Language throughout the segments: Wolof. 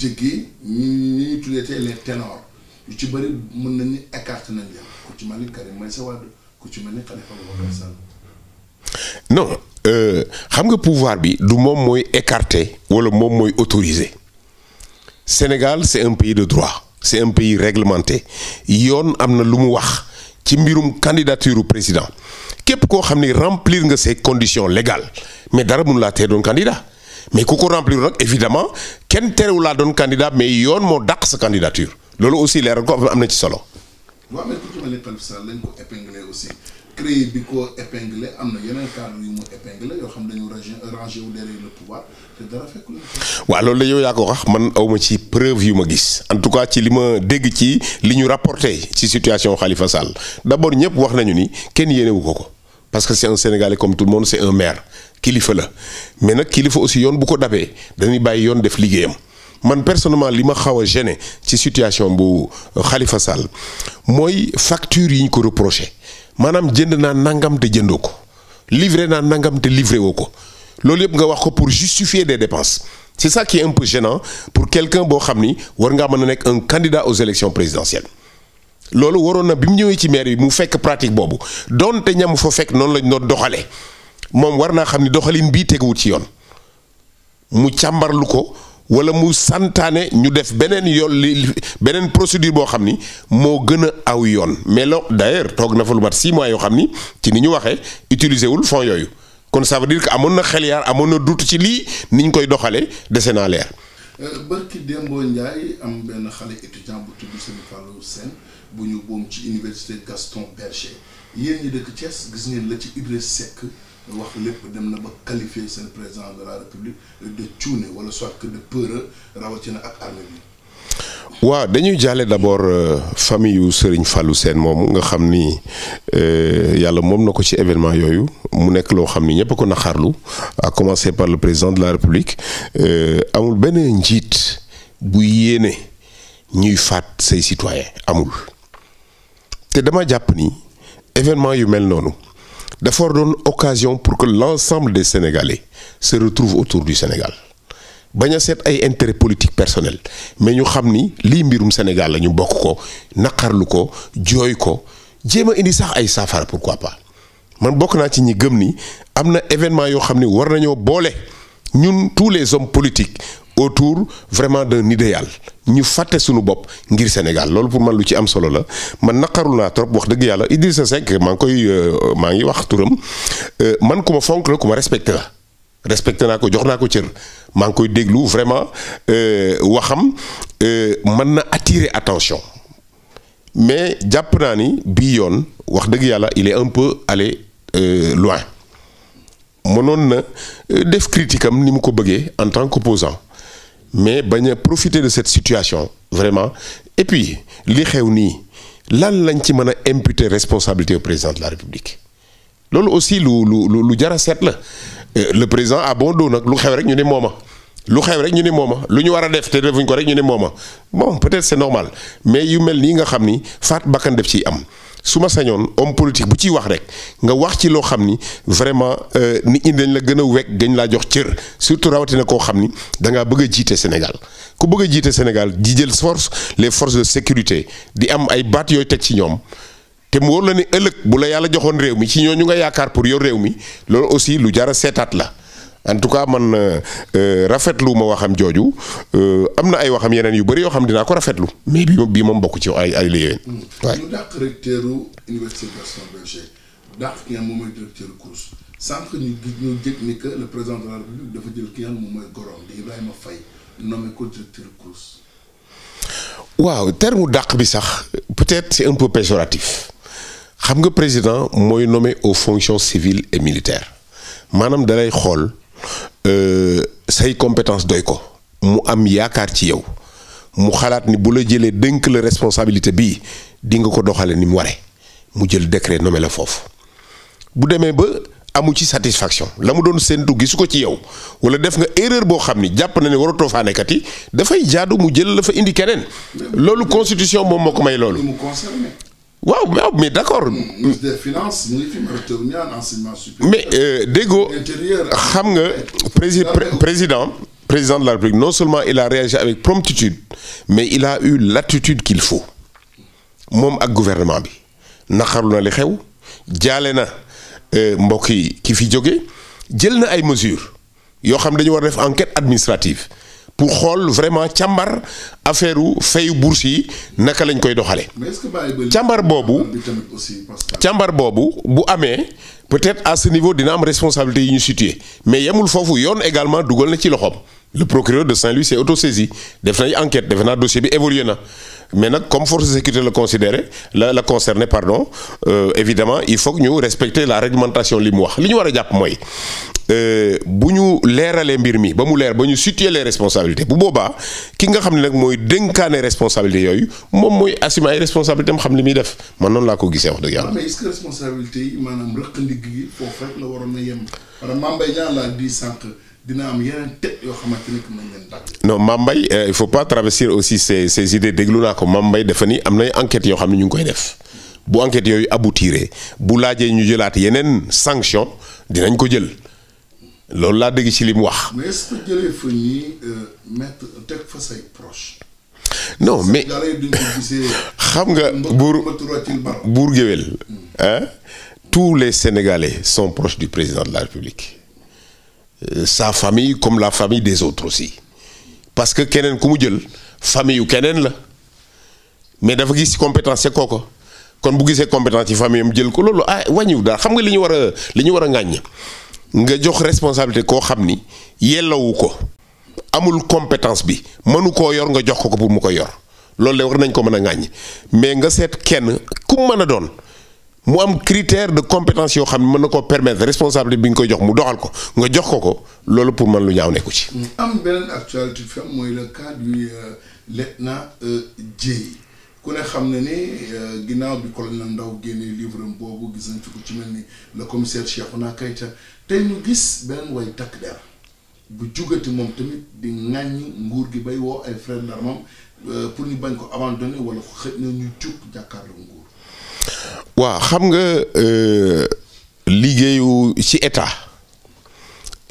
jéggee ñi ñi ñuy tuddee tey non euh, xam nga pouvoir bi du moom mooy écarté wala moom mooy autorisé Sénégal c'est un pays de droit c'est un pays réglementé yoon am na lu mu wax ci mbirum candidature président képp koo xam ni remplir nga ces conditions légales mais dara mënu laa tee doon candidat mais ku ko remplir nag évidemment kenn terewu laa doon candidat mais yoon moo dàq sa candidature loolu aussi leeral ko am na ci solo. waaw mais ku ci mel loolu la yaa ko wax man awma ci preuve yu ma gis en tout cas ci li ma dégg ci li ñu rapporté ci situation xalifa Sall d' abord ñëpp wax nañu ni kenn yéenewu ko ko parce que c' est un Sénégalais comme tout le monde c' un maire. kilifa la mais nag kilifa aussi yoon bu ko dabee dañuy bàyyi yoon def liggéeyam man personnellement li ma xaw a gêné ci situation bu xalifa euh, Sall mooy facture yi ñu ko reproché maanaam jënd naa nangam te jëndoo ko livré naa nangam te livré woo ko loolu yëpp nga wax ko pour justifier des dépenses c'est ça qui est un pour quelque boo xam ni war ngaa mën a nekk un candidat aux élections présidentielles loolu waroon na bi mu ñëwee ci maire bi mu fekk pratique boobu donte ñam fa fekk noonu lañ doon doxalee moom war naa xam ni doxalin bii teguwut ci yoon mu càmbarlu ko wala mu santaane ñu def beneen yoon li beneen procédure boo xam ni moo gën a aw yoon mais lo d'ailleurs toog na fa lu mat six yoo xam ni ci ni ñu waxee utiliser wul fonds yooyu kon ça veut amoon na xel yaar amoon na dut ci lii ni koy doxalee dese naa leer. Euh, barki Dembo Ndiaye am benn xale étudiant bu tudd Sëñ Fallou Sène bu ñu boom ci université Gaston Berger yéen ñi dëkk Thiès gis ngeen la ci Idriss Seck. wax lépp dem waaw dañuy jaale d' abord euh, famille yu Serigne Fallou seen moom nga xam ni euh, yàlla moom na ko ci événement yooyu mu nekk loo xam ni ñëpp ko naqarlu à commencer par le président de la république euh, amul benn njiit bu yéene ñuy faat say citoyen amul te dama jàpp ni événement yu mel noonu. dafa war doon occasion pour que l'ensemble des Sénégalais se retrouvent autour du Sénégal bañ a seet ay intérêt politique personnel mais ñu xam ni lii mbirum Sénégal la ñu bokk ko naqarlu ko jooy ko jéem a indi sax ay saafara pourquoi pas man bokk naa ci ñi gëm ni am na événement yoo xam ni war nañoo boole ñun tous les hommes politiques autour vraiment d'un idéal ñu fàtte suñu bopp ngir Sénégal loolu pour man lu ci am solo la man naqarul naa trop wax dëgg yàlla Idrissa Seck maa ngi koy euh, maa ngi wax turam euh, man ku ma fonk la ku ma respecté la respecté naa ko jox naa ko cër maa ngi koy déglu vraiment euh, waxam man na attirer attention mais jàpp naa ni bii yoon wax dëgg yàlla il est un peu allé loin mënoon na def critique am ni mu ko bëggee en tant qu'opposant mais bañ a profiter de cette situation vraiment et puis li xew nii lan lañ ci mën a imputer responsabilité au président de la république loolu aussi lu lu lu lu jar a seet la euh, le président a bon dos nag lu xew rek ñu ne mooma lu xew rek ñu ne mooma lu ñu war a def te defuñ ko rek ñu ne mooma bon peut-être c'est normal mais yu mel nii nga xam ni faat bakkan def ciy am. su ma sañoon homme politique bu ciy wax rek nga wax ci loo xam ni vraiment euh, nit ñi dañ la gën a wekk dañ laa jox cër surtout rawatina koo xam ni da bëgg a jiite Sénégal ku bëgg a jiite Sénégal di jël force les forces de sécurité di am ay baat yooyu teg ci ñoom. te mu wóor la ni ëllëg bu la yàlla joxoon réew mi ci ñooñu nga yaakaar pour yor réew mi loolu aussi lu jar a seetaat la. en tout cas man euh, rafetlu ma waxam jooju euh, am na ay waxam yeneen yu bëri yoo xam dinaa ko rafetlu mais bi bii moom bokk ci ay ay liggéey. waay hmm. ñu dàq recteuru université ki nga moom mooy directeur course nga moom mooy gorom di Ibrahima directeur course. waaw terme dàq bi sax peut-être c'est un peu péjoratif xam nga président mooy nommé aux fonctions civiles et militaires maanaam dalay xool. Euh, say compétence doy ko mu am yaakaar ci yow mu xalaat ni bu la jëlee dénk la responsabilité bi di nga ko doxale ni mu waree mu jël décret nommé la foofu bu demee ba amu ci satisfaction la mu doon séentu gisu ko ci yow wala def nga erreur boo xam ni jàpp na ne waratoo faa nekkat yi dafay jaadu mu jël la fa indi keneen loolu constitution moom moo ko may loolu waaw waaw mais d' accord. ministre des finances mais euh, déggoo xam nga prési président président de la République non seulement il a réagi avec promptitude mais il a eu l'attitude qu'il faut moom ak gouvernement bi naqarlu na li xew jaale na euh, mbokk yi ki fi jóge jël na ay mesures yoo xam dañu war def enquête administrative. pour xool vraiment càmbar affaire fayu bourse yi naka lañ koy doxale càmbar boobu càmbar boobu bu amee peut-être à ce niveau dina am responsabilité yi ñu situé mais yemul foofu yoon également dugal na ci loxoom le procureur de Saint-Louis s'est autosaisi def nañ enquête def naa dossier bi évolué na mais nag comme force de sécurité la considéré la la concerné pardon euh, évidemment il faut ñu respecter la réglementation li mu wax li ñu war a jàpp mooy Euh, bu ñu leeralee mbir mi ba mu leer ba ñu situer responsabilité bu boobaa ki nga xam ne nag mooy dénkaane responsabilité yooyu moom mooy assumer ay responsabilités am xam li muy def man noonu laa ko gisee wax dëgg yàlla. mais est-ce que responsabilité yi maanaam rëq ndigg yi foofu waroon a yem maanaam sànq dina am yeneen tët yoo xamante ni mën ngeen euh, pas travestir aussi ces ces idées déglu naa ko Mame mbay dafa ni am nay enquêtes yoo xam ne ñu ngi koy def. bu enquête yooyu aboutiré bu laajee ñu jëlaat yeneen sanction dinañ ko jël. loolu laa dégg ci li mu wax. mais est-ce que euh, proche. non mais xam nga buur buur géwél ah tous les Sénégalais son proches du président de la République euh, sa famille comme la famille des autres aussi parce que keneen ku mu jël famille yu keneen la mais dafa gis compétence ca kooko kon bu gisee compétence ci famille am jël ko loolu ah wàññiw daal xam nga li ñu war a li ñu war a ŋàññ nga jox responsabilité koo xam ni yellawu ko amul compétence bi mënu koo yor nga jox ko ko pour mu ko yor loolu de war nañ ko mën a ŋàññ mais nga seet kenn ku mën a doon mu am critère de compétence yoo xam ne mën na koo permettre responsabilité bi nga ko jox mu doxal ko nga jox ko ko loolu pour man lu ñaaw nekku ci. Mm. am beneen actualité fi am mooy le cas euh, naa lieutenant Dièye ku ne xam na ni euh, ginnaaw bi colonel Ndao génnee livre boobu gis nañ ci ko ci mel ni tey ñu gis beneen way takk der bu jugati moom tamit di ŋàññ nguur gi bay woo ay frères d'armes euh, pour ñu bañ ko abandonné wala xëj na ñu jug jàkkaarloo nguur. waaw xam nga euh, liggéeyu ci état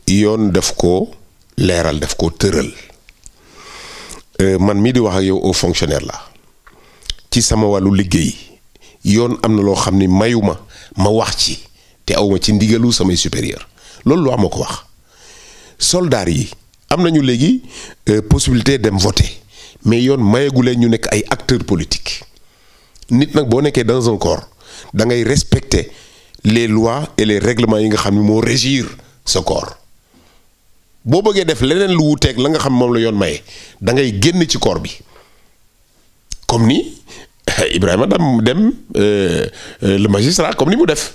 yoon def ko leeral def ko tëral euh, man mii di wax ak yow au fonctionnaire la ci sama wàllu liggéey yoon am na loo xam ni mayuma ma wax ci. te awma ci ndigalu samay supérieur loolu lu ama ko wax soldaar yi am nañu léegi euh, possibilité dem voter mais yoon mayagu leen ñu nekk ay acteurs politiques nit nag boo nekkee dans un corps da ngay respecter les lois et les règlements yi nga xam ni moo régir sa corps boo bëggee def leneen lu wuuteeg la nga xam moom la yoon maye dangay génn ci corps bi comme ni eh, Ibrahima Dame dem euh, euh, le magistrat comme ni mu def.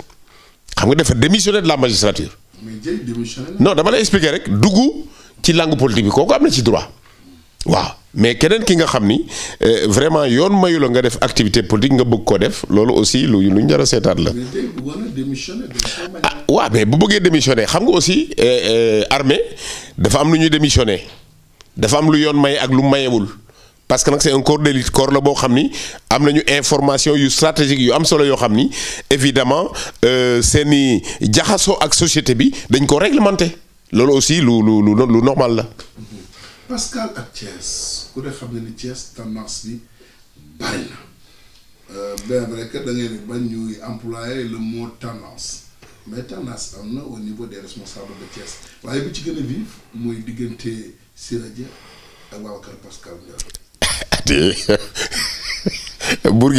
xam nga dafa démissionné de la magistrature. mais démissionné non dama lay expliquer rek dugg ci langue politique bi kooku am na ci droit waaw mais keneen ki nga xam ni euh, vraiment yoon mayu nga def activité politique nga bëgg koo def loolu aussi lu luñ jar a seetaat la. ah waaw mais bu bëggee démissionné xam nga aussi euh, euh, armée dafa am lu ñuy démissionné dafa am lu yoon may ak lu mayewul. parce que nag c'est un corps d'élite la boo xam ni am nañu information yu stratégique yu am solo yoo xam ni évidemment euh, seeni jaxasoo ak société bi dañ ko réglementé loolu aussi lu lu lu normal la. Pascal ak Thiès ku ne xam ne ni Thiès tendance bi bari na euh, bien vrai que da bañ ñuy employer le mot tendance mais tendance am na au niveau des responsables de Thiès waaye bi ci gën a vif mooy diggante Siradia ak Babacar Pascal Ndiaye. te Bour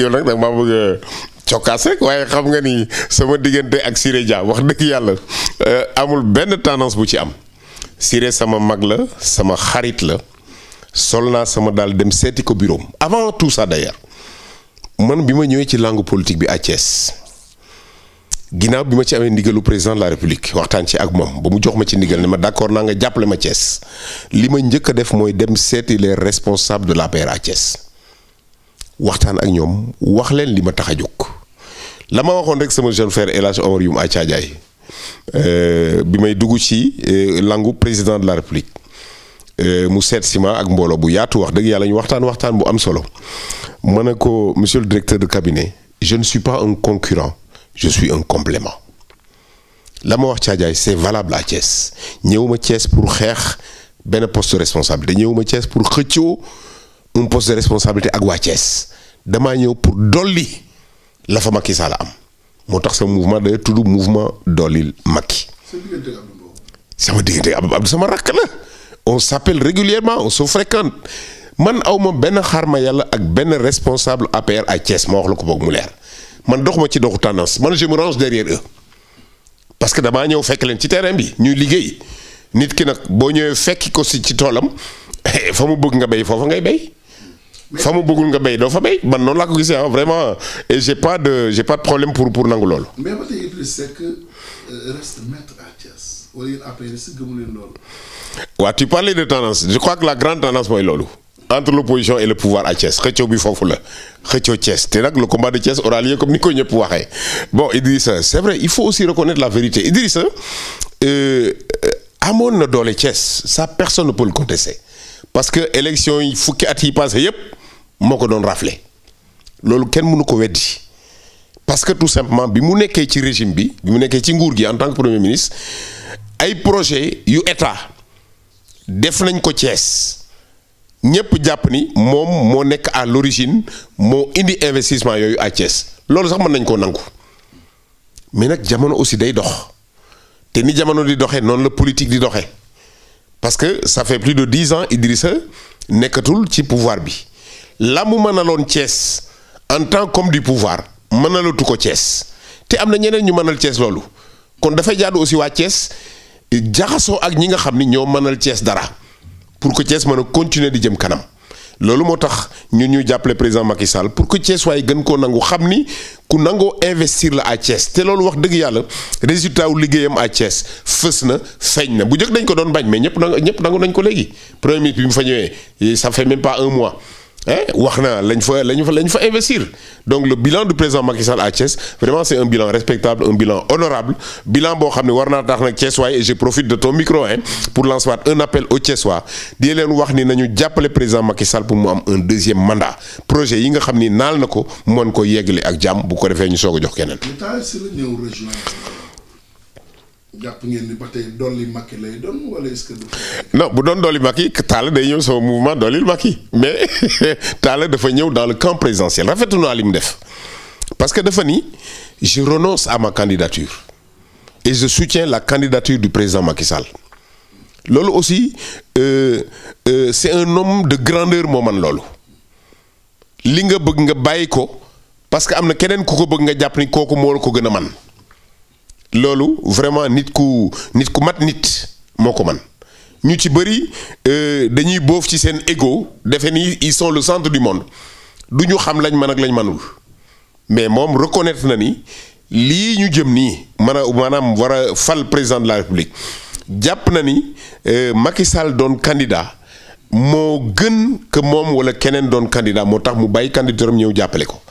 waaye xam nga ni sama diggante ak Siré Dia wax dëgg yàlla euh, amul benn tendance bu ci am Siré sama mag la sama xarit la sol naa sama daal dem seeti ko bureau avant tout ça d'ailleurs man bi ma ñëwee ci langue politique bi à Thiès ginnaaw bi ma ci amee ndigalu président de la république waxtaan ci ak moom ba mu jox ma ci ndigal ne ma d'accord naa nga jàppale ma Thiès li ma njëkk a def mooy dem seeti les responsables de l'APR à Thiès waxtaan ak ñoom wax leen li ma tax a jóg la ma waxoon rek sama jeune frère El Hadj Omar Youm à Thiadiaye euh, bi may dugg ci euh, langu président de la république euh, mu seet si ma ak mbooloo bu yaatu wax dëgg yàlla ñu waxtaan waxtaan bu am solo ma ne ko monsieur directeur de cabinet je ne suis pas un je suis un complément la ma wax Thiadiaye c'est valable à Thiès ñëwuma Thiès pour xeex benn post de responsabilité ñëwuma cees pour xëccoo un poste de responsabilité ak waa Thiès damaa ñëw pour dolli la fa Macky Sall am moo tax sa mouvement day tudd mouvement dollil Macky. sama diggante ab Abdou sama rakk la on s'appelle régulièrement on se fréquente man awma benn ma yàlla ak benn responsable APR à Thiès ma wax la ko boog mu leer. man dox ma ci doxu tendance man je me range derrière eux parce que damaa ñëw fekk leen ci terrain bi ñuy liggéey nit ki nag boo ñëwee fekki ko si ci toolam eh, fa mu bëgg nga béy foofa ngay béy. fa mu bëggul nga béy doo fa béy man noonu laa ko gisee ah vraiment et j'ai pas de j'ai pas problème pour pour nangu loolu. mais ba tey Idriss Seck euh, reste tu parlais de tendance je crois que la grande tendance mooy loolu. entre l'opposition et le pouvoir à Thiès xëccoo bi foofu la xëccoo Thiès te nag le combat de Thiès aura lieu comme ni ko ñëpp waxee bon Idrissa c'est vrai il faut aussi reconnaître la vérité Idrissa euh, amoon na doole Thiès ça personne ne peut le contester parce que élection yi fukki at yi passé yépp moo ko doon raflé loolu kenn mënu ko weddi parce que tout simplement bi mu nekkee ci régime bi bi mu nekkee ci nguur gi en tant que premier ministre ay projet yu état def nañ ko Thiès. ñëpp jàpp ni moom moo nekk à l'origine moo indi investissement yooyu à Thiès loolu sax mën nañ koo nangu mais nag jamono aussi day dox te ni jamono di doxee noonu la politique di doxee parce que ça fait plus de dix ans Idrissa nekkatul ci pouvoir bi la mu mënaloon Thiès en tant qu'homme du pouvoir mënalatu ko Thiès te am na ñeneen ñu mënal Thiès loolu kon dafay jaadu aussi waa Thiès jaxasoo ak ñi nga xam ni ñoo mënal Thiès dara. pour que Thiès mën a continuer di jëm kanam loolu moo tax ñu ñu jàppale président Macky Sall pour que Thiès waaye gën koo nangu xam ni ku nangoo investir la à te loolu wax dëgg yàlla résultat wu liggéeyam à fës na feeñ na bu njëkk dañ ko doon bañ mais ñëpp nangu ñëpp nangu nañ ko léegi premier ministre bi mu fa ñëwee ça fait même pas un mois. Eh, wax naa lañ fa lañ fa lañ fa investir donc le bilan du président Macky Sall à Thiès vraiment c'est un bilan respectable un bilan honorable bilan boo xam ne war naa tax nag Thiessois et je profite de ton micro pour lancer un appel aux Thiessois di leen wax ni nañu jàppale président Macky Sall pour mu am un deuxième mandat projet yi nga xam ni naal na ko mën ko yeggale ak jàmm bu ko defee ñu soo a jox keneen. jàpp ngeen ni ba tey dolli Macky lay doon wala est-ce que doon dolli Macky Talla day ñëw sama mouvement dollil Macky mais Talla dafa ñëw dans le camp présidentiel rafetu naa li mu def parce que dafa ni je renonce à ma candidature et je soutiens la candidature du président Macky Sall loolu aussi euh, euh, c'est un homme de grandeur moo man loolu li nga bëgg nga bàyyi ko parce que am na keneen ku ko bëgg nga jàpp ni kooku moo la ko gën a man loolu vraiment nit ku nit ku mat nit moo ko man ñu ci bëri euh, dañuy boof ci seen égo defe nii ils sont le centre du monde du ñu xam lañ mën ak lañ mënul mais moom reconnaître na ni lii ñu jëm nii man a maanaam war a fal président de la république jàpp na ni euh, Macky Sall doon candidat moo gën que moom wala keneen doon candidat moo tax mu bàyyi candidature am ñëw jàppale ko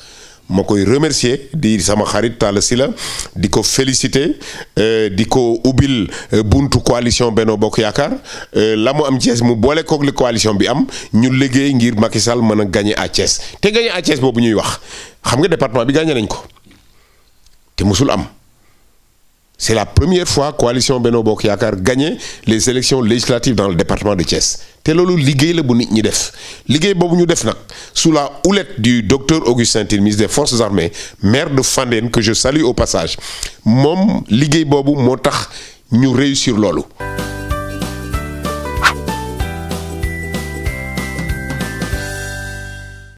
ma koy remercier di sama xarit si la di ko féliciter euh, di ko ubbil euh, buntu coalition benn Bokk Yaakaar euh, la mu am Thiès mu boole koog li coalition bi am ñu liggéey ngir Macky Sall mën a gagner à te gagner à Thiès boobu ñuy wax xam nga département bi gagné nañ ko te mosul am c'est la première fois coalition Benno Bokk Yaakaar gagné les élections législatives dans le département de Thiès te loolu liggéey la bu nit ñi def liggéey boobu ñu def nag su la houlette du docteur Augustin Tine ministre des forces armées maire de Fandène que je salue au passage moom liggéey boobu moo tax ñu réussir loolu